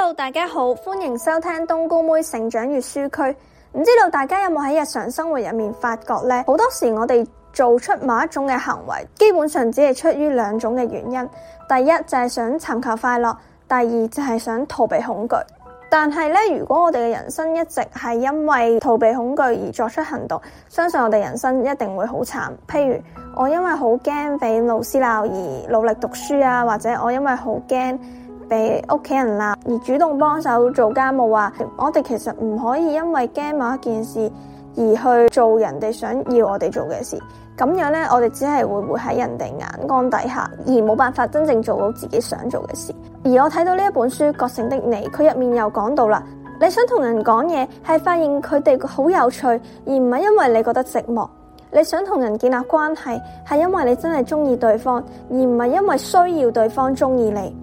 Hello 大家好，歡迎收聽冬菇妹成長閱書區。唔知道大家有冇喺日常生活入面發覺咧？好多時我哋做出某一種嘅行為，基本上只係出於兩種嘅原因。第一就係想尋求快樂，第二就係想逃避恐懼。但係咧，如果我哋嘅人生一直係因為逃避恐懼而作出行動，相信我哋人生一定會好慘。譬如我因為好驚俾老師鬧而努力讀書啊，或者我因為好驚。被屋企人鬧而主動幫手做家務啊！我哋其實唔可以因為驚某一件事而去做人哋想要我哋做嘅事，咁樣呢，我哋只係會活喺人哋眼光底下，而冇辦法真正做到自己想做嘅事。而我睇到呢一本書《覺醒的你》，佢入面又講到啦，你想同人講嘢係發現佢哋好有趣，而唔係因為你覺得寂寞；你想同人建立關係係因為你真係中意對方，而唔係因為需要對方中意你。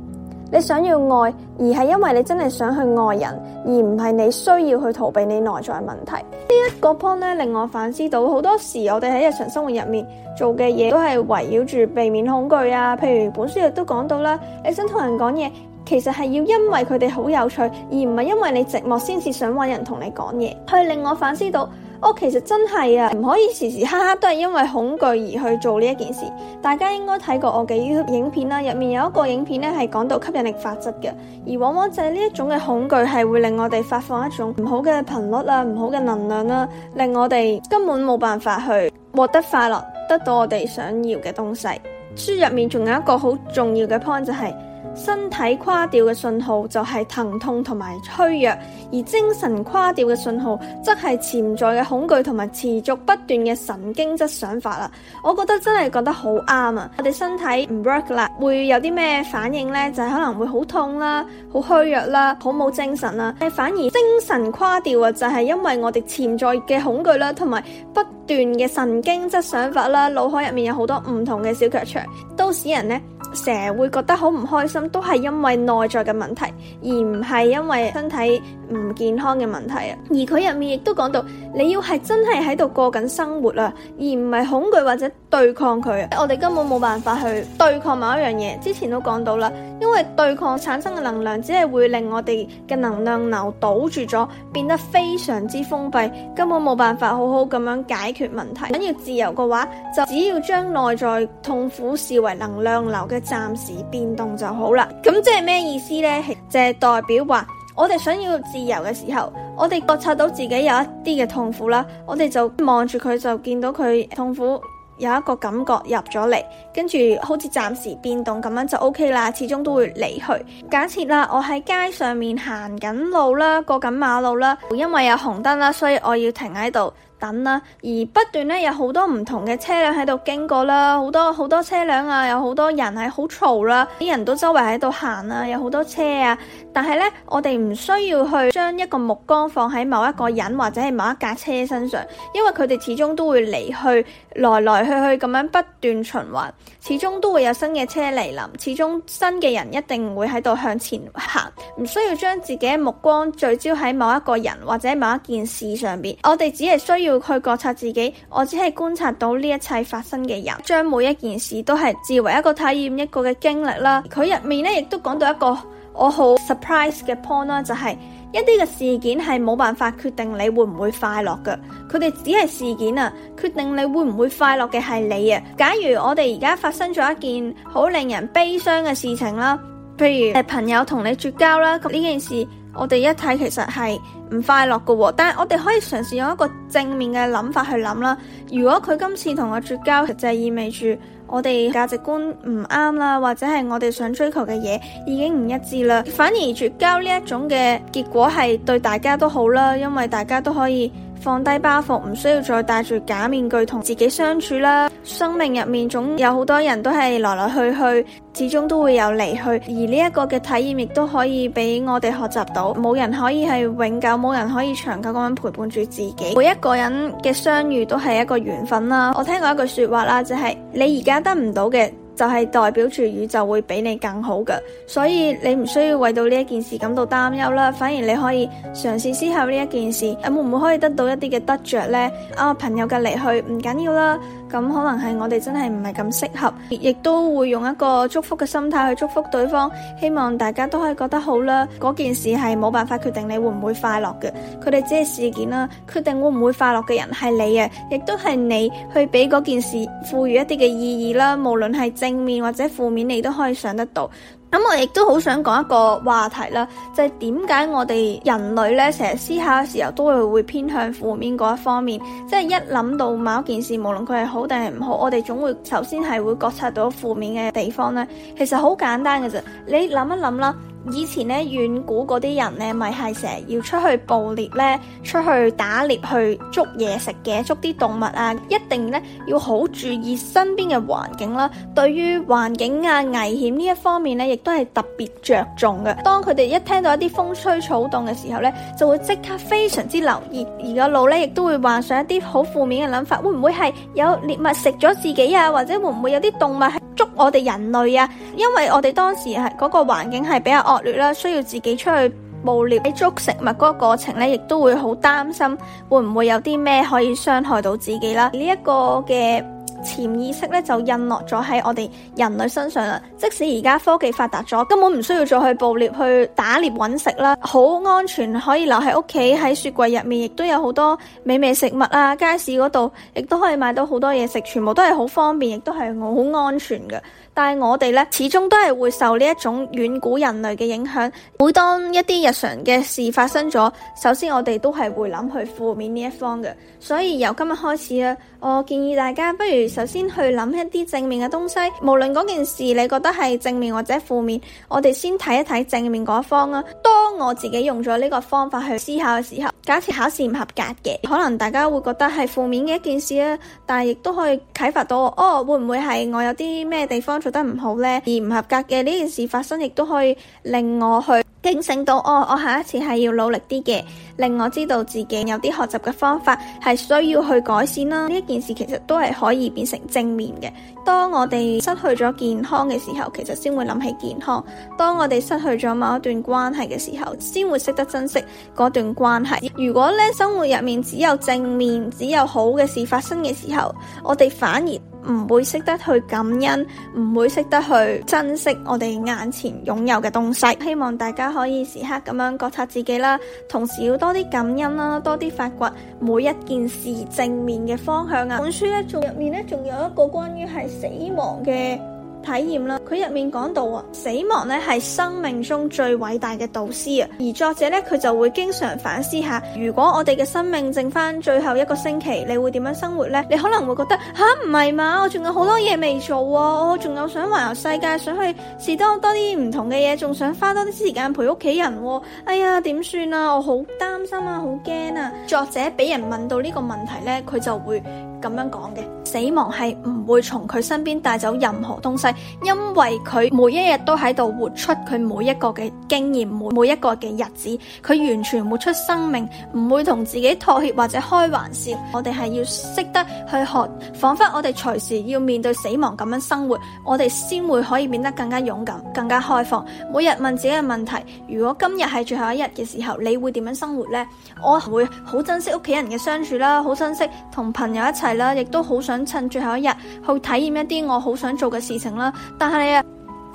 你想要愛，而係因為你真係想去愛人，而唔係你需要去逃避你內在問題。這呢一個 point 令我反思到好多時，我哋喺日常生活入面做嘅嘢，都係圍繞住避免恐懼啊。譬如本書亦都講到啦，你想同人講嘢，其實係要因為佢哋好有趣，而唔係因為你寂寞才你，先至想揾人同你講嘢，佢令我反思到。我、oh, 其實真係啊，唔可以時時刻刻都係因為恐懼而去做呢一件事。大家應該睇過我嘅 YouTube 影片啦，入面有一個影片呢係講到吸引力法則嘅，而往往就係呢一種嘅恐懼係會令我哋發放一種唔好嘅頻率啦、啊、唔好嘅能量啦、啊，令我哋根本冇辦法去獲得快樂，得到我哋想要嘅東西。書入面仲有一個好重要嘅 point 就係、是。身體垮掉嘅信號就係疼痛同埋虛弱，而精神垮掉嘅信號則係潛在嘅恐懼同埋持續不斷嘅神經質想法。我覺得真係覺得好啱啊！我哋身體唔 work 啦，會有啲咩反應呢？就係、是、可能會好痛啦、好虛弱啦、好冇精神啦。但反而精神垮掉啊，就係因為我哋潛在嘅恐懼啦，同埋不斷嘅神經質想法啦，腦海入面有好多唔同嘅小劇場，都市人呢。成日會覺得好唔開心，都係因為內在嘅問題，而唔係因為身體唔健康嘅問題啊。而佢入面亦都講到，你要係真係喺度過緊生活啊，而唔係恐懼或者對抗佢。我哋根本冇辦法去對抗某一樣嘢。之前都講到啦，因為對抗產生嘅能量，只係會令我哋嘅能量流堵住咗，變得非常之封閉，根本冇辦法好好咁樣解決問題。想要自由嘅話，就只要將內在痛苦視為能量流嘅暫時變動就好啦，咁即係咩意思呢？即係代表話，我哋想要自由嘅時候，我哋覺察到自己有一啲嘅痛苦啦，我哋就望住佢，就見到佢痛苦有一個感覺入咗嚟，跟住好似暫時變動咁樣就 OK 啦，始終都會離去。假設啦，我喺街上面行緊路啦，過緊馬路啦，因為有紅燈啦，所以我要停喺度。等啦、啊，而不斷咧有好多唔同嘅車輛喺度經過啦，好多好多車輛啊，有好多人喺好嘈啦，啲人都周圍喺度行啊，有好多車啊。但係咧，我哋唔需要去將一個目光放喺某一個人或者係某一架車身上，因為佢哋始終都會離去，來來去去咁樣不斷循環，始終都會有新嘅車嚟臨，始終新嘅人一定會喺度向前行，唔需要將自己嘅目光聚焦喺某一個人或者某一件事上面，我哋只係需要。要去覺察自己，我只係觀察到呢一切發生嘅人，將每一件事都係自為一個體驗，一個嘅經歷啦。佢入面咧，亦都講到一個我好 surprise 嘅 point 啦，就係一啲嘅事件係冇辦法決定你會唔會快樂嘅，佢哋只係事件啊，決定你會唔會快樂嘅係你啊。假如我哋而家發生咗一件好令人悲傷嘅事情啦，譬如係朋友同你絕交啦，咁呢件事。我哋一睇其實係唔快樂嘅喎，但係我哋可以嘗試用一個正面嘅諗法去諗啦。如果佢今次同我絕交，其實就意味住我哋價值觀唔啱啦，或者係我哋想追求嘅嘢已經唔一致啦。反而絕交呢一種嘅結果係對大家都好啦，因為大家都可以。放低包袱，唔需要再戴住假面具同自己相處啦。生命入面總有好多人都係來來去去，始終都會有離去，而呢一個嘅體驗亦都可以俾我哋學習到，冇人可以係永久，冇人可以長久咁樣陪伴住自己。每一個人嘅相遇都係一個緣分啦。我聽過一句說話啦，就係你而家得唔到嘅。就係代表住宇宙會比你更好嘅，所以你唔需要為到呢一件事感到擔憂啦，反而你可以嘗試思考呢一件事，會唔會可以得到一啲嘅得着呢？啊，朋友嘅離去唔緊要啦，咁可能係我哋真係唔係咁適合，亦都會用一個祝福嘅心態去祝福對方，希望大家都可以覺得好啦。嗰件事係冇辦法決定你會唔會快樂嘅，佢哋只係事件啦，決定會唔會快樂嘅人係你啊，亦都係你去俾嗰件事賦予一啲嘅意義啦，無論係正正面或者負面，你都可以上得到。咁我亦都好想講一個話題啦，就係點解我哋人類咧成日思考嘅時候，都會會偏向負面嗰一方面。即係一諗到某一件事，無論佢係好定係唔好，我哋總會首先係會覺察到負面嘅地方咧。其實好簡單嘅啫，你諗一諗啦。以前咧，遠古嗰啲人咧，咪係成日要出去捕獵咧，出去打獵去捉嘢食嘅，捉啲動物啊，一定咧要好注意身邊嘅環境啦。對於環境啊、危險呢一方面咧，亦都係特別着重嘅。當佢哋一聽到一啲風吹草動嘅時候咧，就會即刻非常之留意，而個腦咧亦都會幻想一啲好負面嘅諗法，會唔會係有獵物食咗自己啊？或者會唔會有啲動物？捉我哋人類啊，因為我哋當時係嗰個環境係比較惡劣啦，啊，需要自己出去捕獵，你捉食物嗰個過程呢，亦都會好擔心，會唔會有啲咩可以傷害到自己啦？呢、這、一個嘅。潛意識呢就印落咗喺我哋人類身上啦。即使而家科技發達咗，根本唔需要再去捕獵去打獵揾食啦，好安全可以留喺屋企喺雪櫃入面，亦都有好多美味食物啊！街市嗰度亦都可以買到好多嘢食，全部都係好方便，亦都係我好安全嘅。但係我哋咧，始終都係會受呢一種遠古人類嘅影響。每當一啲日常嘅事發生咗，首先我哋都係會諗去負面呢一方嘅。所以由今日開始啊，我建議大家不如首先去諗一啲正面嘅東西。無論嗰件事你覺得係正面或者負面，我哋先睇一睇正面嗰方啦，啊。當我自己用咗呢個方法去思考嘅時候，假設考試唔合格嘅，可能大家會覺得係負面嘅一件事啊，但係亦都可以啟發到我，哦，會唔會係我有啲咩地方？做得唔好呢，而唔合格嘅呢件事發生，亦都可以令我去警醒到，哦，我下一次係要努力啲嘅，令我知道自己有啲學習嘅方法係需要去改善啦。呢一件事其實都係可以變成正面嘅。當我哋失去咗健康嘅時候，其實先會諗起健康；當我哋失去咗某一段關係嘅時候，先會識得珍惜嗰段關係。如果呢生活入面只有正面、只有好嘅事發生嘅時候，我哋反而，唔會識得去感恩，唔會識得去珍惜我哋眼前擁有嘅東西。希望大家可以時刻咁樣覺察自己啦，同時要多啲感恩啦，啊，多啲發掘每一件事正面嘅方向啊！本書咧入面咧仲有一個關於係死亡嘅。體驗啦，佢入面講到啊，死亡咧係生命中最偉大嘅導師啊，而作者咧佢就會經常反思下，如果我哋嘅生命剩翻最後一個星期，你會點樣生活咧？你可能會覺得吓唔係嘛，我仲有好多嘢未做啊，我仲有想環遊世界，想去試多多啲唔同嘅嘢，仲想花多啲時間陪屋企人喎。哎呀，點算啊？我好擔心啊，好驚啊！作者俾人問到呢個問題咧，佢就會。咁樣講嘅，死亡係唔會從佢身邊帶走任何東西，因為佢每一日都喺度活出佢每一個嘅經驗，每每一個嘅日子，佢完全活出生命，唔會同自己妥協或者開玩笑。我哋係要識得去學，仿佛我哋隨時要面對死亡咁樣生活，我哋先會可以變得更加勇敢、更加開放。每日問自己嘅問題：如果今日係最後一日嘅時候，你會點樣生活呢？我會好珍惜屋企人嘅相處啦，好珍惜同朋友一齊。係啦，亦都好想趁最後一日去體驗一啲我好想做嘅事情啦。但係啊，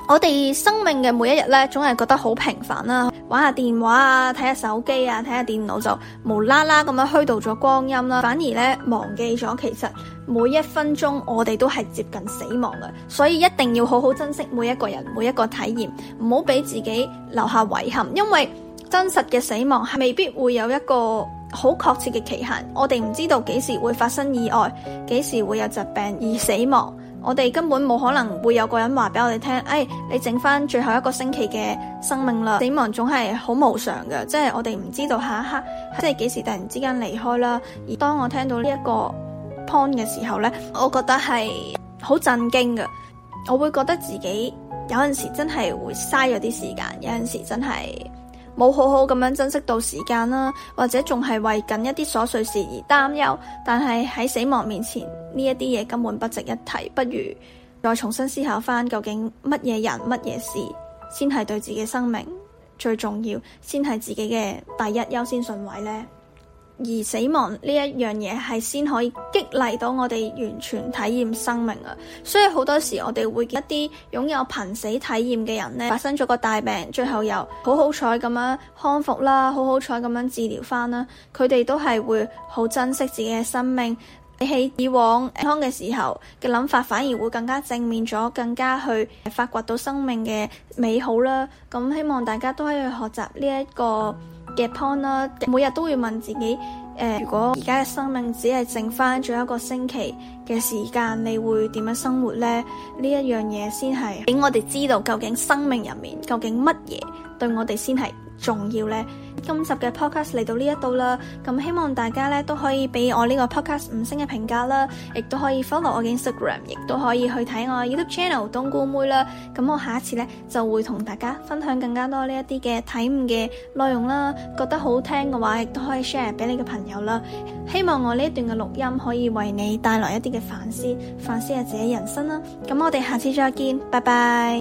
我哋生命嘅每一日咧，總係覺得好平凡啦，玩下電話啊，睇下手機啊，睇下電腦就無啦啦咁樣虛度咗光陰啦。反而咧，忘記咗其實每一分鐘我哋都係接近死亡嘅，所以一定要好好珍惜每一個人、每一個體驗，唔好俾自己留下遺憾，因為真實嘅死亡係未必會有一個好確切嘅期限，我哋唔知道幾時會發生意外，幾時會有疾病而死亡，我哋根本冇可能會有個人話俾我哋聽，誒、哎，你整翻最後一個星期嘅生命啦，死亡總係好無常嘅，即係我哋唔知道下一刻，即係幾時突然之間離開啦。而當我聽到呢一個 point 嘅時候呢，我覺得係好震驚嘅，我會覺得自己有陣時真係會嘥咗啲時間，有陣時真係。冇好好咁樣珍惜到時間啦，或者仲係為緊一啲瑣碎事而擔憂，但係喺死亡面前呢一啲嘢根本不值一提，不如再重新思考翻究竟乜嘢人乜嘢事先係對自己生命最重要，先係自己嘅第一優先順位呢？而死亡呢一樣嘢係先可以激勵到我哋完全體驗生命啊！所以好多時我哋會見一啲擁有瀕死體驗嘅人咧，發生咗個大病，最後又好好彩咁樣康復啦，好好彩咁樣治療返啦，佢哋都係會好珍惜自己嘅生命。比起以往健康嘅時候嘅諗法，反而會更加正面咗，更加去發掘到生命嘅美好啦。咁希望大家都可以去學習呢一個嘅 point 啦，每日都會問自己，誒、呃，如果而家嘅生命只係剩翻咗一個星期嘅時間，你會點樣生活咧？呢一樣嘢先係俾我哋知道，究竟生命入面究竟乜嘢對我哋先係重要呢，今集嘅 podcast 嚟到呢一度啦，咁希望大家呢都可以俾我呢個 podcast 五星嘅評價啦，亦都可以 follow 我嘅 Instagram，亦都可以去睇我 YouTube channel 冬菇妹啦。咁我下一次呢就會同大家分享更加多呢一啲嘅體悟嘅內容啦。覺得好聽嘅話，亦都可以 share 俾你嘅朋友啦。希望我呢一段嘅錄音可以為你帶來一啲嘅反思，反思下自己人生啦。咁我哋下次再見，拜拜。